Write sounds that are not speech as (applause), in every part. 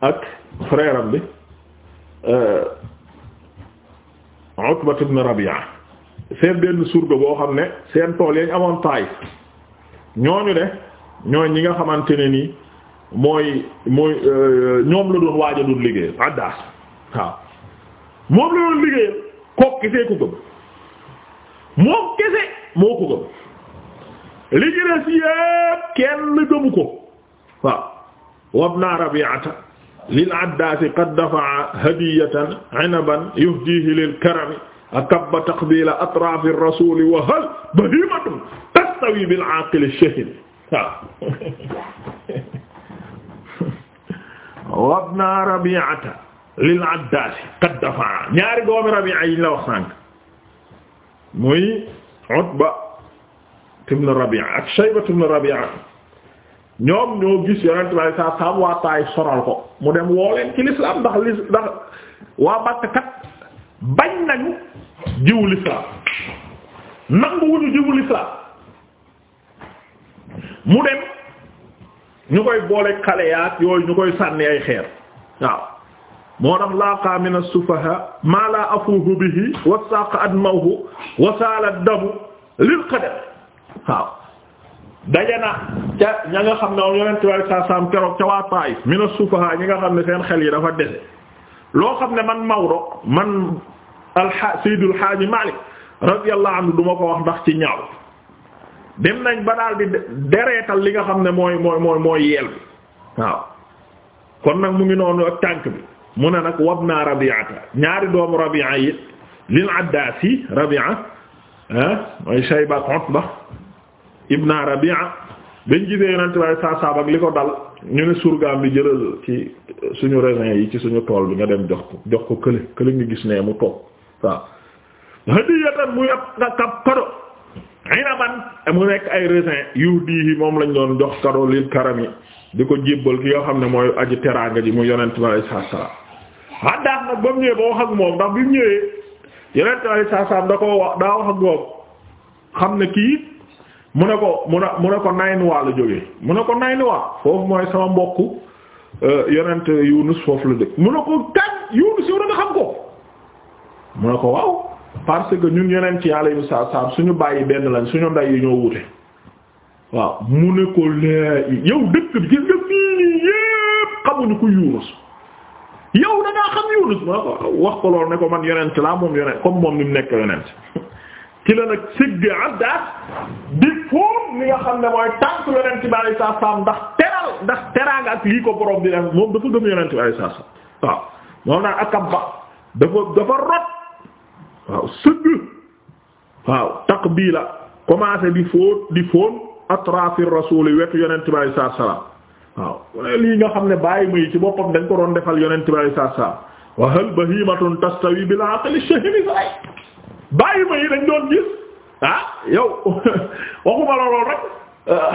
ak frère am bi Utba euh, ibn Rabi'a seen benn surga boo xam ne seen tool yañ amoon taay ñooñu de ñooy ñi nga xamante ne nii mooy mooy euh, ñoom la doon waaj a liggéeyal addaas waaw moom la doon liggéeyal kook kesee ko gëm moom kese moo ko gëm li ci des yépp kenn gëmu ko waaw wab naa Rabi'ata lil addaasi qad dafa'a hadiyatan inaban yuhdihi lil karami akabba taqbila atraafi rasuli wa hal bahimatun tastawi bil aaqil shahin wabna rabi'ata lil addaasi qad dafa'a ñaari doomi rabi'a yi la wax sànq muy Utba ibn Rabi'a ak Shayba ibn Rabi'a ñoom ñoo gis yonent bi saa saam waa taay sonal ko mu dem woo leen ci lislaam ndax li waa Makka kat bañ nañu jiwu lislaam nanguwuñu jiwu lislaam mu dem ñu koy boole xale yaat yooyu ñu koy sànni ay xeer waaw moo tax laaqa min as-sufaha maa laa afuuhu bihi wa saaqa admawhu wa saala damu lil waaw daje na ca ña nga xam ne moom yonent bi saa saam keroog ca waa Taif mina sufaha ñi nga xam ne seen xel yi dafa dese loo xam ne man Maodo man alxa Seydul Xaaji Malik radiyallahu anhu du ma ko wax ndax ci ñaaw dem nañ ba daal di dereetal li nga xam ne mooy mooy mooy mooy yeel bi waaw kon nag mu ngi noonu ak tànk bi mu ne nag wab naa Rabi'ata ñaari doomu Rabi'a yi lil Addaasi Rabi'a ah mooy Shayba Utba ibn Rabi'a bañ gisee yonent waaye saasaab ak li ko dal ñu ne surgaam bi jëlal ki suñu raisin yi ci suñu tool bi nga dem jox ko jox ko kële kële nga gis ne mu toog waaw hadiyatan muy ab nga kab mu nekk ay raisin yu dii moom lañ doon jox kado lil di ko yoo xam ne mooy aji teraanga ji mu yonent waaye ba mu ñëwee ba wax ak moom ndax bi mu ñëwee yonent waaye saasaab da ko wax daa wax ak moom xam ne kii mu ne ko mu ne mu ne ko Naynuwaa la jógee mu ne ko Naynuwaa foofu mooy sama mbokk euh, yonent Yunus foofu la dëkk mu ne ko kan Yunus yow da ko mu que ñun yonent ci Yàlla yu saa saam suñu bàyyi benn lañ suñu ndey yi ñoo wute waaw mu ne ko lee yow dëkk ko Yunus yow xam Yunus mu ne ko wax ko loolu ne ko man yonent laa moom yonent comme moom ni mu nekk yonent (laughs) ci la nag sigge abdas di fóom li nga xam ne mooy tànk yonent bi alayhi salaam ndax teral ndax teraanga ak lii ko borom di def moom dafa gëm yonent bi alayhi salaam waaw moom naan akam ba dafa dafa rot waaw sëgg di fóot di fóon atrafi rasul wetu lii nga xam ne bàyyi muy ci boppam dañ ko doon defal yonent bi alayhi salaam wa hal bahimatun tastawi bil aqli shahimi fay bàyyi ma yi dañ doon gis ah yow (laughs) waxuma la lool rek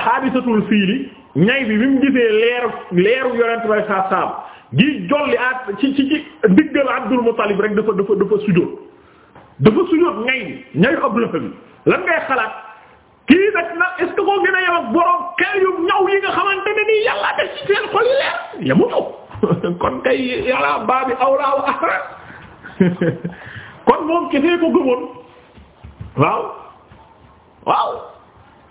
xaadisatul euh, fiili ñay bi bi mu gisee leer leeru yonent bay saa saam gi jolli at ci ci ci Abdul Muttalib rek dafa dafa dafa sujjóot dafa sujjóot ñay bi ñayu Abu Lahab bi lan ngay xalaat kii nag nag est-ce gën a yem ak borom xel ñaw yi nga xamante ne yàlla def ci seen xol yi leer yamu (laughs) kon kay yàlla baabi awlaa wa (laughs) kon moom kese ko gëmoon waaw waaw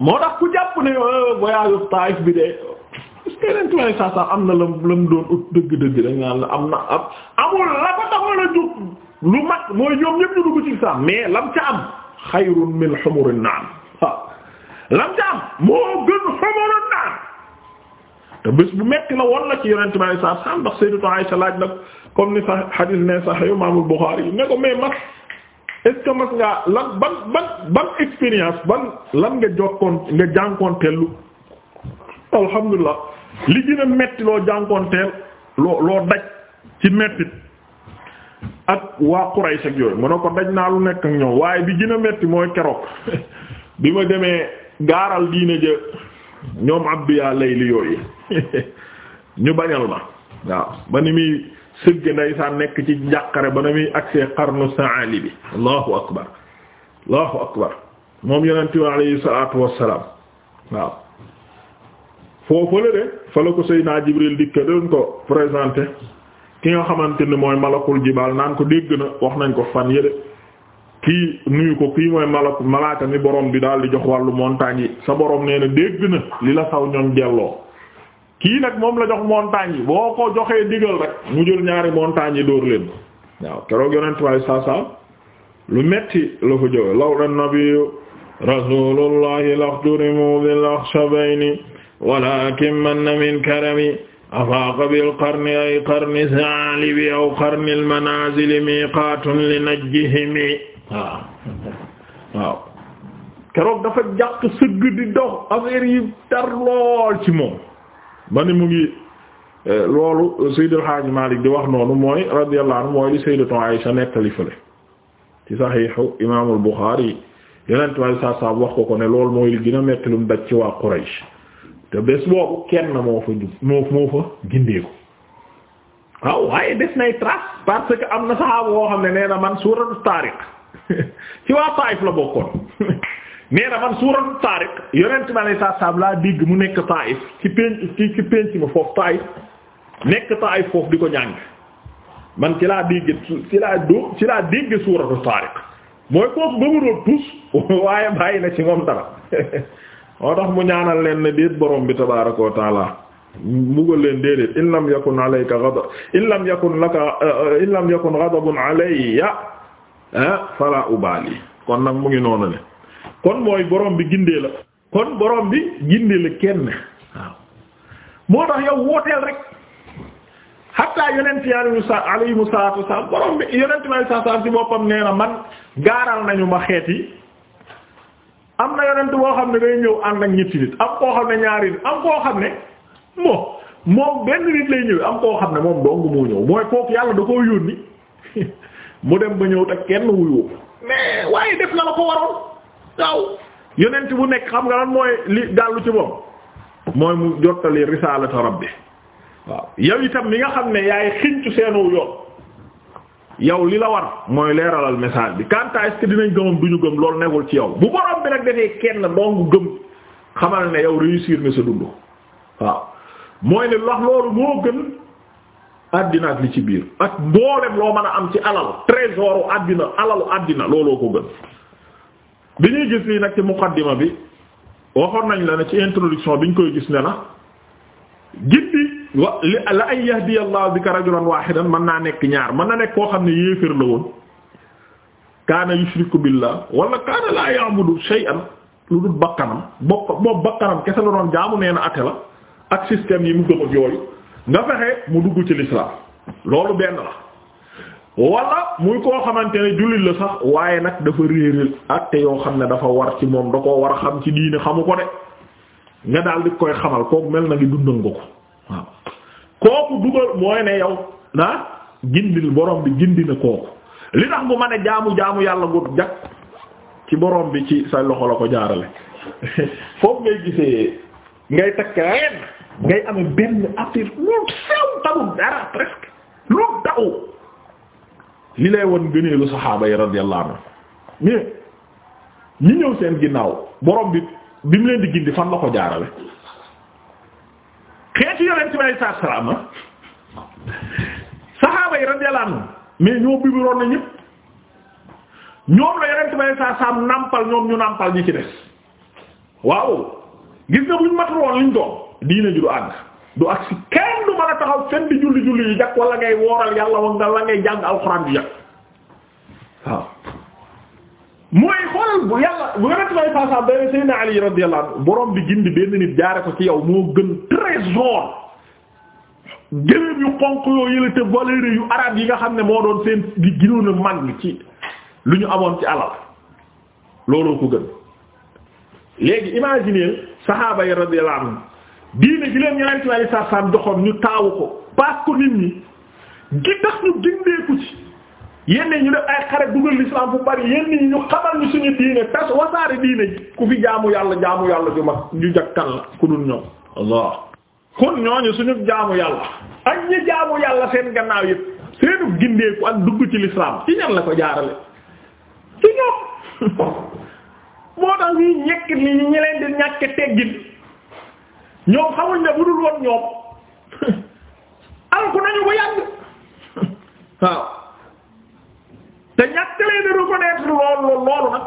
moo tax ku jàpp ne euh, voyage bi de est-ce que ren tuuti saa am na la la mu doon ut dëgg-dëgg dañ am na am amul la ko taxoon a jóg lu mat mooy ñoom ñëpp ñu dugg ci saa mais lam ca am xayrun min humurin na'am lam ca am moo gën humurin na'am te bu metti la woon la ci yonent bi sallallahu alayhi wasallam ndax Sayyidatu Aisha laaj nag comme ni sa xadis ne Sahih Imaamul Buxaari ne ko mais mag est-ce que mas ngaa lan lan nga jokkoon nga jànkoonteelu alhamdulilah li gën a metti loo jànkoonteel loo loo daj ci mettit ak waa Quraysh ak yooyu mu ne ko daj naa lu nekk ak ñoom waaye bi gën a metti mooy keroog (laughs) bi ma demee gaaral diine ja ñoom abdu yaa layli yooyu (laughs) ñu bañal ma waaw ba ni muy sëgg ndeysaan nekk ci njàqare ba na muy agsee qarnu saali bi allahu akbar allahu akbar moom yonente bi alayhi salatu waaw foofu la de fa la ko Seydina Jibril dikk doon ko présenté ki nga xamante ni mooy malakul jibaal naan ko dégg na wax nañ ko fan yële kii nuyu ko kii mooy malak malaaka mi borom bi daal di jox wàllu montagne yi sa borom nee na dégg na li la saw ñoom delloo kii nag moom la jox montagne yi boo ko joxe digal rek mu jël ñaari montagne yi dóor leen waaw keroog yonent waaye saa lu metti la fa jëwe law la nabiyu rasulullahi laxturimu bil akhshabayni walakin manna min karami afaaqa bil qarni ay qarni saalibi aw qarni al manazili li najjihimi waaw keroog dafa jàq sëgg di dox affaire yi tar lool ci moom man ni mu ngi eh, loolu Seydou El Hadj Malick di wax noonu mooy radiyallahu anhu mooy li Sayyidatu Aïsha nettali fële ci saxiixu imaamul Buxaari yeneen tubaab saa saa wax ko ko ne loolu mooy li gën metti lu mu daj ci waa Quraysh te bés boobu kenn moo fa jub moo moo fa gindeeku waaw ah, waaye des nay trace parce que am na saxaabu boo xam ne nee man suuratu Taariq (laughs) ci waa Taayif la bokkoon. (laughs) nee na man suuratu Taariq yonent bi alayhi salaam laa dégg mu nekk Taayif ci penc ci penc ma foofu Taayif nekk Taayif foofu di ko ñàng man ci laa dégg ci laa doo ci laa dégg suuratu Taariq mooy kooku ba mu doon tus (laughs) waaye bàyyi na ci moom (laughs) tax mu ñaanal leen ne déet borom bi tabaaraka wa taala mugal leen déedéet in lam yakun alayka ghadab in lam yakun laka in lam yakun ghadabun alayya ah, fala ubali kon nag mu ngi noonu ne kon mooy borom bi gindee la kon borom bi gindee la kenn waaw moo tax yow wooteel rek xatta yonent yàlla sa alayhimu salaatu wa salaam borom bi yonent may saa saa si boppam nee na man gaaral nañu ma xeet yi am na yonent boo xam ne day ñëw ànd ak ñetti nit am koo xam ne ñaari nit am koo xam ne moom benn nit lay ñëw xam ne moom dong moo ñëw mooy kooku yàlla da koo yónni (laughs) mu dem ba ñëw ak kenn wuyoo mais waaye def na la ko waroon. gaaw yonent bu nekk xam nga lan mooy li gàllu ci moom mooy mu jottali risaalata rabbi waaw yow itam mi nga xam ne yaay xincu seenu yoon yow li la war mooy leeralal message bi quant à est-ce que dinañ gëmam duñu gëm loolu nekkul ci yow bu borom bi nag defee kenn dong gëm xamal ne yow réussir na sa dund waaw mooy ne wax loolu moo gën àddina ak li ci biir ak mboolem loo mën a am ci alal trésor àddina alalu àddina looloo ko gën bi ñuy gis lii nag ci muqaddima bi waxoon nañ la ne ci introduction bi ñu koy gis ne na gindi wa la ay yahdi allahu bika rajulan wahidan mën naa nekk ñaar mën na nekk koo xam ne yéefér la woon kaana yushriku billah wala kaana laa ya'budu shay'an lu dul bakkanam bopp boobu bakkanam kese la doon jaamu nee na ate la ak système yi mu gëm ak yooyu nga fexe mu dugg ci l'islam loolu benn la wala muy koo xamante ne jullit la sax waaye nag dafa réeral atte yoo xam ne dafa war ci moom da koo war a xam ci diine xamu ko de nga daal di koy xamal kooku mel na ngi dundal ko waaw kooku dugal mooy ne yow ah gindil borom bi gindi na kooku li tax bu ma ne jaamu jaamu yàlla gu jag ci borom bi ci sa loxo la ko jaarale (laughs) foofu ngay gisee ngay takk ren ngay amee benn affaire lu sew tawu dara presque lu taw. li lay wan gëneelu saxaaba yi radiyallahu anhu mais ñi ñëw seen ginnaaw borom bi bi mu leen di gindi fan la ko jaarale xeetu yonent bi saa salaama ah saxaaba yi radiyallahu mais ñoo bibiroon na ñëpp ñoom la yonent bi saa saam nampal ñoom ñu nampal ñi ci des waaw gis nga buñ matuloon liñ doon diine ju du àgg. du ak si kenn du mën a taxaw fenn di julli julli yu jag wala ngay wooral yàlla wax nga la ngay jàng alxuraan di jag waaw mooy xoolal bu yàlla bu yonent may façam dane Seydina Ali radiyallahu anhu borom bi gindi benn nit jaare ko ci yow moo gën trésor gëléem yu xonq yoo yële te valeur yu arab yi nga xam ne moo doon seen di ginoon a màgg ci lu ñu amoon ci alal looloo ko gën léegi imaginer saxaaba yi radiyallahu anhu diine gi leen ñeneen ci wàllu saasaan joxoon ñu taawu ko parce que nit ñi gi tax ñu gindeeku ci yenn ñu def ay xare dugal l'islam fu bari yenn ñu xamal ñu suñu diine tas wasaare diine ku fi jaamu yàlla jaamu yàlla ju mag ñu jakkan la ku dul ñoom Allah kon ñooñu suñu jaamu yàlla ak ñi jaamu yàlla seen gannaaw yëpp seenu gindeeku ak dugg ci l'islam ci ñan la ko jaarale ci (laughs) moo tax ñuy ñekk ñu leen di ñàkke teggin ñoom xamuñ ne bu dul woon ñoom (laughs) alku nañu bu yàgg (laughs) waaw te ñàkk leen di reconnaître loolu loolu nag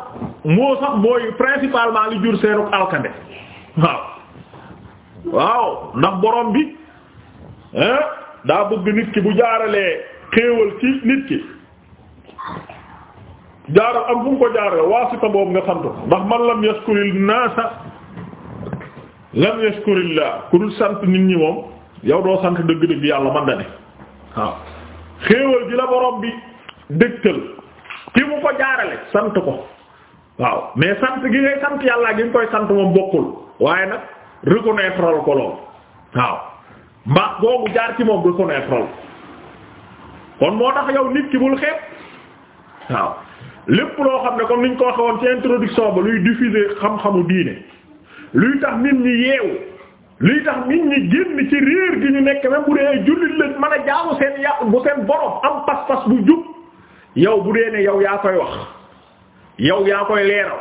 moo sax mooy principalement li jur seenu alkande waaw waaw ndax borom bi daa bëgg nit ki bu jaaralee xéewal ci nit ki jaaral am fu mu ko jaarale waasita boobu nga sant ndax man lam yaskuril naasa lam yashkurillah ku dul sant nit ñi moom yow doo sant dëgg-dëgg yàlla man da ne waaw xéewal ji la borom bi dëgtal ki mu ko jaarale sant ko waaw mais sant gi ngay sant yàlla gi nga koy sant moom bokkul waaye nag reconnaître ko lool waaw mbaax googu jaar ci moom reconnaître kon moo tax yow nit ki bul xeeb waaw lépp loo xam ne comme niñ ko waxee woon ci introduction ba luy diffuser xam-xamu diine luy tax nit ñi yeewu luy tax nit ñi génn ci réer gi ñu nekk même bu dee ay jullit lañ mën a jaamu seen yàqu bu seen borom am pas-pas bu jub yow bu dee ne yow yaa koy wax yow yaa koy leeral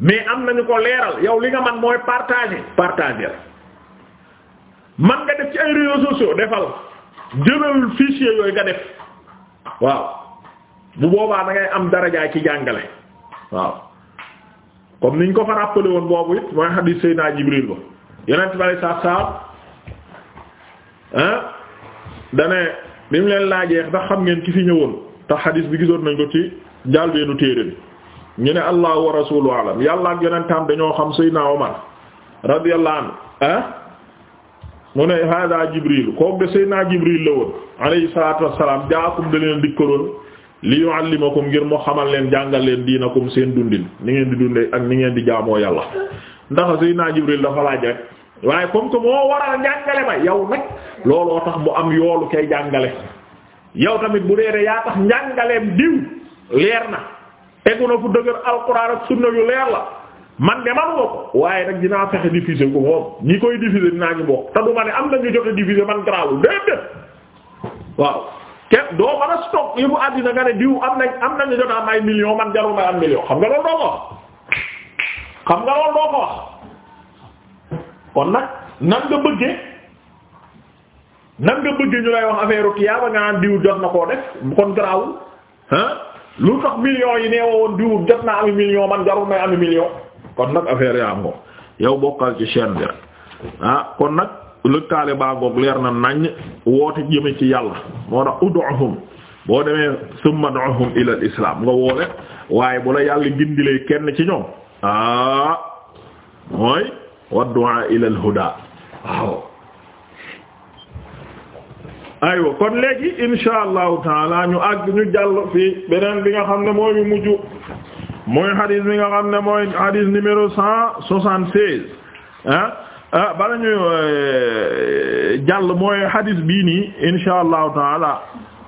mais am nañu ko leeral yow li nga man mooy partager partager man nga def ci ay réseaux sociaux defal jëlal fichier yooyu nga def waaw bu boobaa da ngay am darajaay ci jàngale waaw comme niñ ko fa rappelé woon boobu it mooy xadiis Seydina Jibril ba yonent bari saab saab ah dane bi mu leen laajee da xam ngeen ki fi ñëwoon tax xadiis bi gisoon nañ ko ci jàlbeenu téere bi ñu ne allahu wa rasulu alam yàlla ak yonentam dañoo xam Seydina Omar radiyallahu anhu ah mu ne hada Jibril kooku de Seydina Jibril la woon alayhi salaatu wassalaam jaakum da leen dikkaloon li yuallimakum ngir moo xamal leen jàngal leen ko seen dundin ni ngeen di dundee ak ni ngeen di jaamoo yàlla ndax Seydina Jibril dafa laaj rek waaye comme que moo waral njàngale ba yow nag looloo tax mu am yoolu kay jàngale yow tamit bu dee de yaa tax njàngaleem diw leer na tegu na fu dëgër alxuraan ak sunna yu leer la man de manuma ko waaye nag dinaa fexe diffuser ko moom ñi koy diffuser dinaa ñu bokk te ma ne am na ñu joxe diffuser man ne doo a stock yi àddina nga ne diw am nañ am nañu jot am ay million man jarul may am million xam nga loolu doo wax xam nga loolu doo wax kon nag nan nga bëggee nan nga bëggee ñu lay wax affaire tiyaaba nga naan diw jot na koo def kon garaawul ah lu tax millions yi neewa woon diw jot naa ami million man jarul may ami million kon nag affaire yaa am yow bokkal ci chaîne bi ah kon nag lëkkaale baa ngoog leer na nañ woote jëme ci yàlla moo tax ud'uhum boo demee summa ud'uhum ila al nga woole waaye bu la yàlla gindilee kenn ci ñoom ah mooy waddu'a ila al aywa kon léegi insha allahu taala ñu àgg ñu jàll fii beneen bi nga xam ne mooy bi mujj mooy xadis bi nga xam ne mooy xadis numéro cent soixante-seize ah Ah, bala ñuy euh, jàll mooy hadith bii nii insha allah taala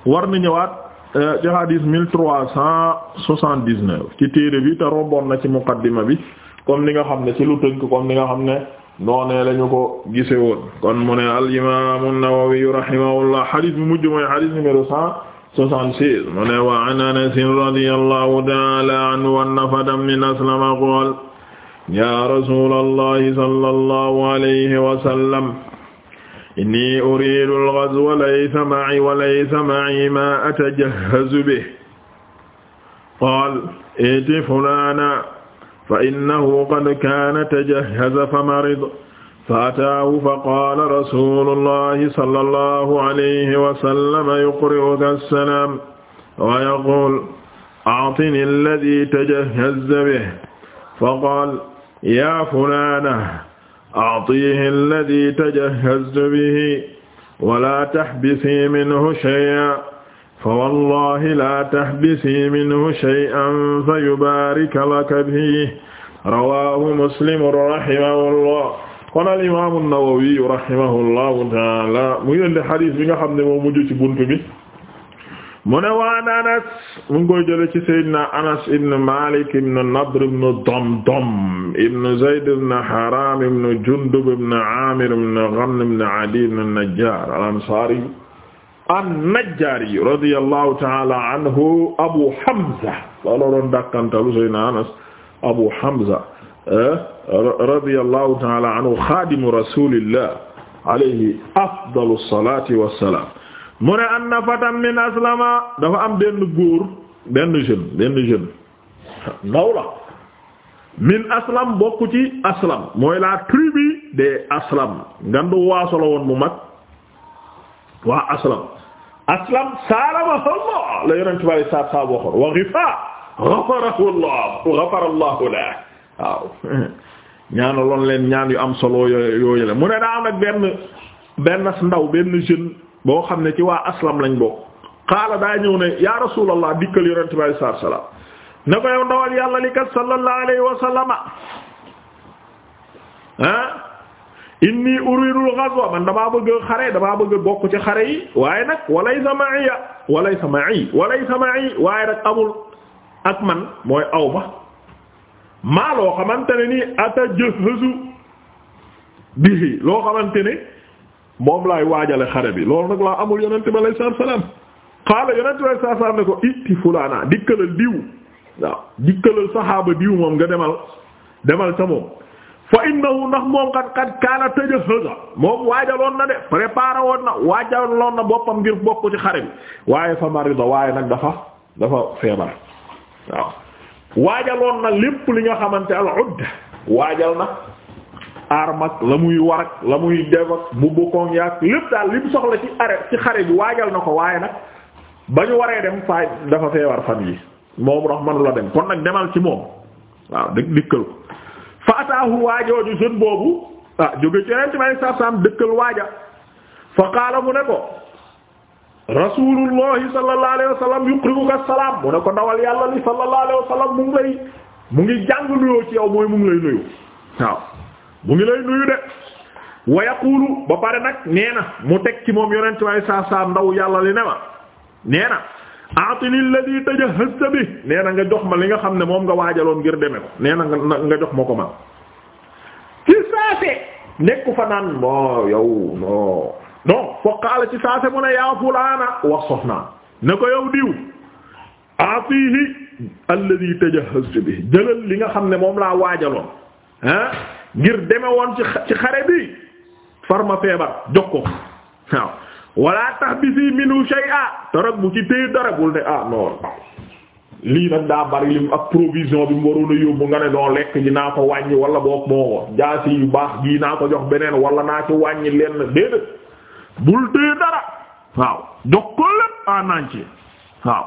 war na ñëwaat euh, ci hadith mille trois cent soixante dix neuf ci téere bi te romboon na ci muqaddima bi comme ni nga xam ne ci lu tënk comme ni nga xam ne noonee la ñu ko gise woon kon mu ne al imam an-Nawawi rahimahullah hadith mujj mooy hadith numéro cent soixante-six mu ne wa an Anas radiyallahu taala anhu anna fadan min aslama qaala ya rasulallahi sallallahu alayhi wa sallam inni uridu al-ghazwa laysa ma'i wa laysa ma'i ma atajahhazu bihi qaala iti fulaanan fa innahu qad kaana tajahhaza fa marida fa ataahu fa qaala rasulullahi sallallahu alayhi wa sallam yuqri'uka as-salaam wa yaquulu a'tinii alladhii tajahhazta bihi fa qaala yaa fulaana a'tihi alladhi tajahhaztu bihi wa laa tahbisii minhu shay'an fa wallahi laa tahbisii minhu shay'an fa yubaarika laka bihi rawaahu muslim rahimahullah kon al imaamu nawawi rahimahullahu taala mu ngi leen di xadiis bi nga xam ne moo mujj ci buntu bi mu ne waan anas mu ngi koy jële ci sayyidina anas ibn malik ibn nadr ibn damdam ibn zayd ibn haram ibn jundub ibn amir ibn ghanm ibn adi ibn najjar al ansari an najjari radiyallahu ta'ala anhu abu hamza looloo doon dàkkantalu sayyidina anas abu hamza eh, radiyallahu ta'ala anhu xadimu rasulillah alayhi afdalu salati wassalam mu ne anna fatan min aslama dafa am benn góor benn jeune benn jeune ndaw la min aslam bokk ci aslam mooy la tribu des aslam ngandu waaso la woon mu mag waa aslam aslam salamahallah la yonent bi alei saatu wa gifa ghafarahu allah la waaw (laughs) ñaanaloon leen ñaan yu am solo yooyu la mu ne daa am ak benn benn ndaw benn jeune boo xam ne ci waa aslam lañ bokk xaala daa ñëw ne ya rasulallah dikkal yonente bi alei salaam ne ko yow ndawal yàlla li kat sallallahu alayhi ah? inni uridul ghazwa man damaa bëgg a xare damaa bëgg a bokk ci xare yi waaye nag walaysa ma'iya walaysa ma'i walaysa ma'i waaye nag amul ak man mooy aw ma maa loo xamante ne nii atajahhazu bihi loo xamante ne moom laay waajale xare bi loolu nag laa amul yonente bi alayhi salaatu salaam xaala yonente bi alayhi salaatu salaam ne ko itti fulaana dikkalal diw waaw dikkalal saxaaba diw moom nga demal demal sa moom fa innahu ndax moom kat kat kaana tajahaza moom waajaloon na de préparé woon na waajaloon na boppam ngir bokk ci xare bi waaye fa marida waaye nag dafa dafa feebar waaw waajaloon na lépp li nga xamante al waajal na arm ak la muy war la muy def ak bu bokkoon yaak lépp daal li mu soxla ci are ci xare bi waajal na ko waaye nag ba ñu waree dem faay dafa feebar fan yi moom rax manu la dem kon nag demal ci moom waaw dëkk dëkkal ko fa ataahu waajooju jeune boobu ah jóge ci yeneen ci may saam dëkkal waaja fa mu ne ko rasuulullahi sa alayhi wa sallam yuqrikuka salaam mu ne ko dawal yàlla li sallallahu alayhi wa sallam mu ngi lay mu ngi jàng nuyoo ci yow mooy mu ngi lay nuyu waaw mu ngi lay nuyu de wa yaqulu ba pare nag nee na mu teg ci moom yonent way saa saa ndaw yàlla li ne ma nee na atini alladhi tajahhazta bi nee na nga jox ma li nga xam ne moom nga waajaloon ngir deme ko nee na nga jox ma ko man ci saase nekku fa naan no yow no non foqaala ci saase mu ne yaa fulaana wasofna ne ko yow diw atihi alladhi tajahhazta bi jëlal li nga xam ne moom laa waajaloon ah ngir deme woon ci xare bi farma feebar jox ko waaw wala tahbisi minu shay'a torog bu ah non lii nag daa bari lim ak lekk naa ko wàññi wala boog moo jaasi yu baax gii naa ko jox beneen wala naa ci wàññi lenn déedéet bul téye dara waaw jox ko lépp en entier waaw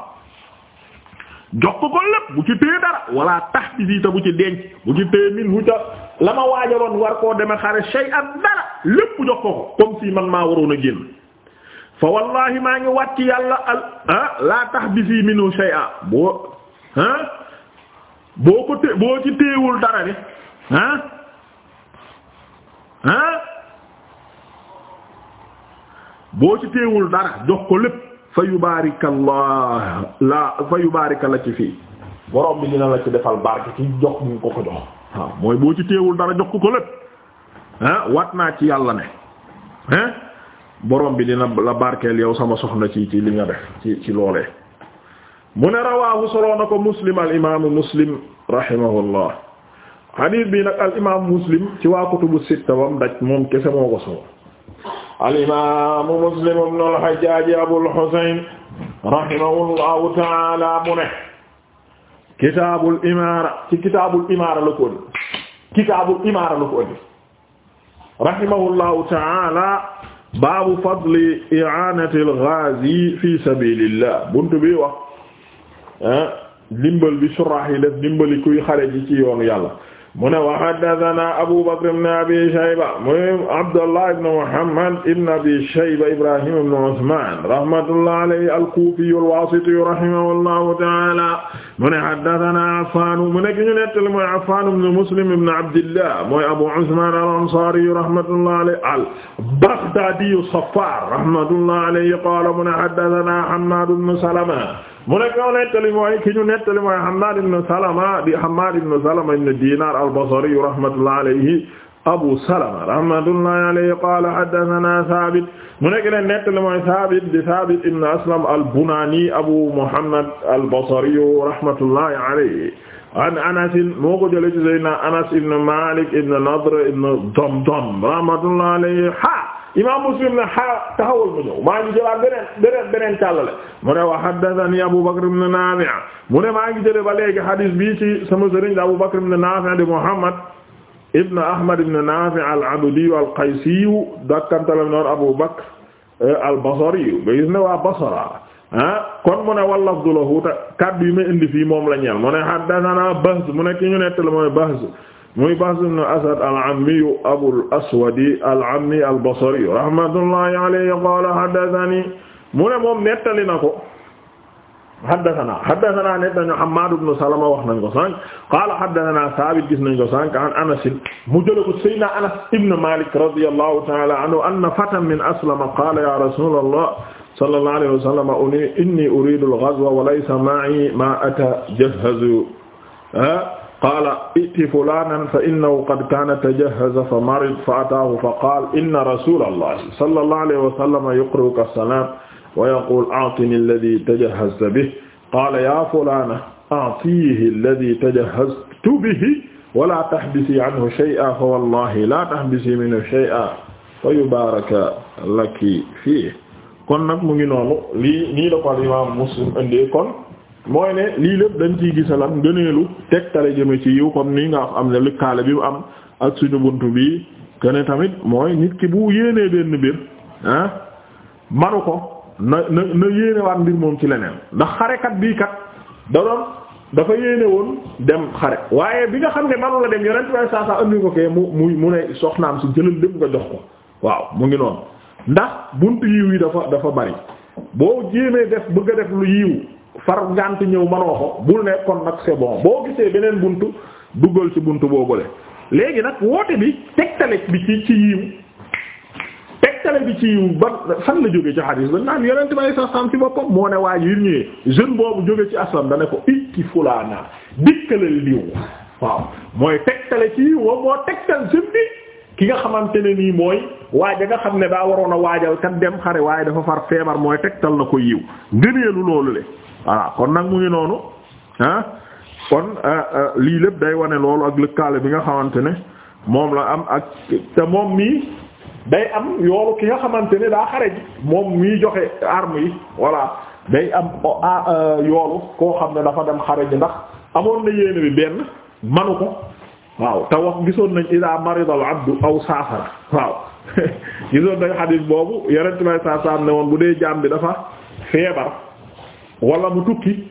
jox ko lépp bu ci téye dara wala tahbisi ta bu ci denc bu ci téye min hu ta la ma waajaloon war koo demee xare shay'an dara lépp jox ko ko comme si man maa waroon a génn fa wallahi maa ngi wàcc yàlla al ah laa tahbisi minhu shay'a boo ah boo ko té boo ci téewul dara de ah, ah, boo ci téewul dara jox ko lépp fa yubarika allah la fa yubarika la ci fii borom bi dina la ci defal barke ci jox ñu ko ko jox waaw mooy boo ci teewul dara jox ko ko lépp wat naa ci yàlla ne hein borom bi dina la barkeel yow sama soxna ci ci li nga def ci ci loolee mu ne rawaahu soloo ko muslim al imaamu muslim rahimahullah xadiis bi nag al imaamu muslim ci waa kutubu sitta wam daj moom kese moo ko solo al imaamu muslim ibnu al hajjaaji abul husayn rahimahullahu taala mu ne kitaabul imaara ci kitaabul imaara la ko indi kitaabul imaara la ko indi rahimahullahu ta'ala baabu fadli i'aanatil ghaazi fi sabilillah buntu bi wax ah dimbal bi suraax yi def dimbali kuy xare ji ci yoonu yàlla mu ne wa haddathana Abu Bakr ibn Abi Shayba muy Abdullah ibn Muhammad ibn Abi Shayba Ibrahim ibn Usman rahmatullahi alayhi al-Kufi al-Wasiti rahimahullahu ta'ala mu ne haddathana Affan mu ne ki ñu nettali mooy Affan ibn Muslim ibn Abdillah mooy Abu Usman al-Ansari rahmatullahi alayhi al-Baghdadi Saffar rahmatullahi alayhi qala mu ne haddathana Hammad ibn Salama mu nekk ñoo nettali mooy ki ñu nettali mooy Hammad ibn Salama di Hammad ibn Salama ibn Dinar al-Basri rahmatullahi alayhi Abu Salama rahmatullahi alayhi qala haddathana Thabit mu nekk ne nettali mooy Thabit di Thabit ibn Aslam al-Bunani Abu Muhammad al-Basri rahmatullahi alayhi an Anas moo ko jëlee ci Sayyidina Anas ibn Malik ibn Nadr ibn Damdam rahmatullahi alayhi ha imam muslim na xaa taxawal mu ñëw maa ngi jëlaat beneen beneen beneen càllale mu ne wa haddathani abu bakr ibn nafi' mu ne maa ngi jële ba léegi hadis bii ci sama sëriñ abu bakr ibn nafi' di muhammad ibn ahmad ibn nafi' al-abdi al-qaysi dakkantalam noon abu bakr eh, al-basri ba gis ne waa basra ah kon mu ne wallaf du la huuta kaddu yi ma indi fii moom la ñeel mu ne haddathana bahz mu ne ki ñu nettali mooy bahz muy Bahz ibn Asad al-Ammi Abul Aswad al-Ammi al-Basri rahmatullahi alayhi qala haddathani mu ne moom nettali na ko haddathana haddathana nettali Hammad ibn Salama wax nañ ko sànq qala haddathana Sabit gis nañ ko sànq an Anas mu jël ko Sayyidina Anas ibn Malik radiyallahu ta'ala anhu anna fatan min Aslama qala ya Rasulullah sallallahu alayhi wa sallam inni uridu al-ghazwa wa laysa ma'i ma atajahhazu qaala i'ti fulaanan fa innahu qad kaana tajahhaza fa marid fa ataahu fa qaala inna rasuulallahi sallallahu alayhi wa sallam yuqri'uka as-salaam wa yaquulu a'tini alladhii tajahhazta bihi qaala yaa fulaana a'tiihi alladhii tajahhaztu bihi wa laa tahbisii anhu shay'an fa wallaahi laa tahbisii minhu shay'an fa yubaaraka laki fiihi kon nag mu ngi noonu lii nii la ko Imaam Muslim indi kon mooy ne lii lépp dañ ci ciy gisalan ngëneelu tegtale jëme ci yiw comme ni nga am ne kaale bi mu am ak suñu bunt bi kene tamit mooy nit ki bu yéenee benn mbir ah manu ko na na na yéenewaat mbir moom ci leneen ndax xarekat bii kat da dafa yéene dem xare waaye bi nga xam ne manu la dem yonent way saa saa andi ko kee mu mu mu ne soxnaam si jëlal lépp nga jox ko waaw mu ngi noonu ndax bunt yiw yi dafa dafa bari boo jéemee def bëgg a lu yiw far ngànt ñëw manoo ko bul nekkoon nag c'est bon boo gisee beneen buntu duggal ci buntu boobule léegi nag woote bi tegtale bi ci ci yiw tegtale bi ci yiw ba fan la jóge ci xadiis ba naan yonent ba sa sam ci boppam moo ne waa ji yu ñëwee jeune boobu jóge ci aslam da ne ko itti fulaana dikkalal liw waaw mooy tegtale ci yiw moom tegtal jeune bi ki nga xamante ne nii mooy waaja nga xam ne daa waroon a waajal kat dem xare waaye dafa far feebar mooy tegtal na ko yiw ngëneelu loolu le voilà kon nag mu ngi noonu ah kon ah, ah, lii lépp day wane loolu ak lëkkaale bi nga xamante ne moom la am ak te moom mii day am yoolu ki nga xamante ne daa xare ji moom mii joxe arme yi voilà day am ah, yoolu koo xam ne dafa dem xare ji ndax amoon na yéene bi benn manu ko waaw te wax gisoon nañ ida maridal abdu aw saafara waaw (laughs) gisoon nañ xadiis boobu yenent may saa saam ne woon bu dee jaam bi dafa feebar wala mu tukki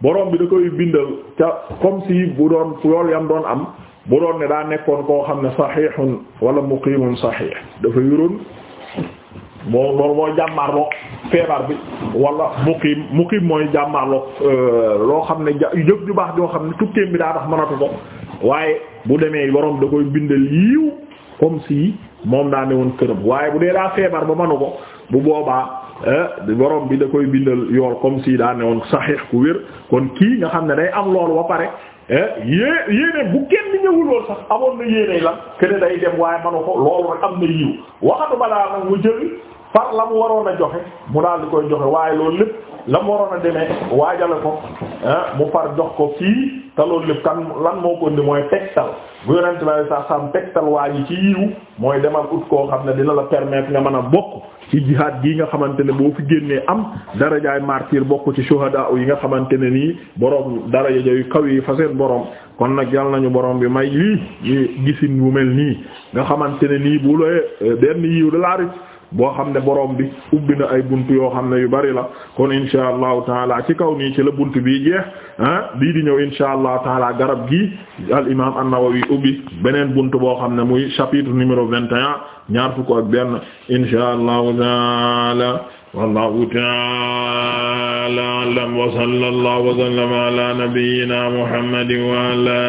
boroom bi da koy bindal ca comme si bu doon yool yam doon am bu doon ne daa nekkoon koo xam ne saxiixun wala muqiimun saxiix dafa yoroon moom loolu mooy jàmmaarloog bi wala muqiim muqiim mooy jàmmaarloog euh, loo xam ne ja jëf ju baax joo xam ne tukkeem bi daa tax mënatu ko waaye bu demee borom da koy bindal yiiw comme si moom daa ne woon këram waaye bu dee daa feebar ba mënu ko bu boobaa. Eh, borom bi da koy bindal yool comme si daa ne woon saxiix ku wér kon kii nga xam ne day am loolu ba pare eh, yée yéene bu kenn ñëwul lool sax amoon na yéene la kene day dem waaye manu ko loolu rek am na yiw waxatu balaa nag mu jël par la mu waroon a joxe mu daal di koy joxe waaye loolu lépp la mu waroon a demee waajale ko ah, mu far jox ko kii te loolu lépp kan lan moo ko indi mooy tegtal bu yonent bi sax sam tegtal waa ji ci yiw mooy demal ut koo xam ne dina la permettre nga mën a bokk ci jihaad gi nga xamante ne boo fi génnee am darajaay martyr bokk ci shuhada yi nga xamante ne nii borom daraja yu kaw yi fa seen borom kon nag yal nañu boroom bi may lii gisin bu mel nii nga xamante ne nii bu looyee eh, benn yiw de la boo xam ne borom bi ubbi na ay bunt yoo xam ne yu bari la kon insha allahu taala ci kaw nii ci la bunt bii jeex ah bii di ñëw insha allahu taala garab gi al imam an-Nawawi ubbi beneen bunt boo xam ne muy chapitre numéro vingt et un ñaar fukk ak benn insha allahu taala wallahu taala a'lam wa sallallahu wa sallama ala nabiyyina muhammadin wa ala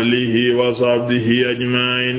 alihi wa sahbihi ajma'in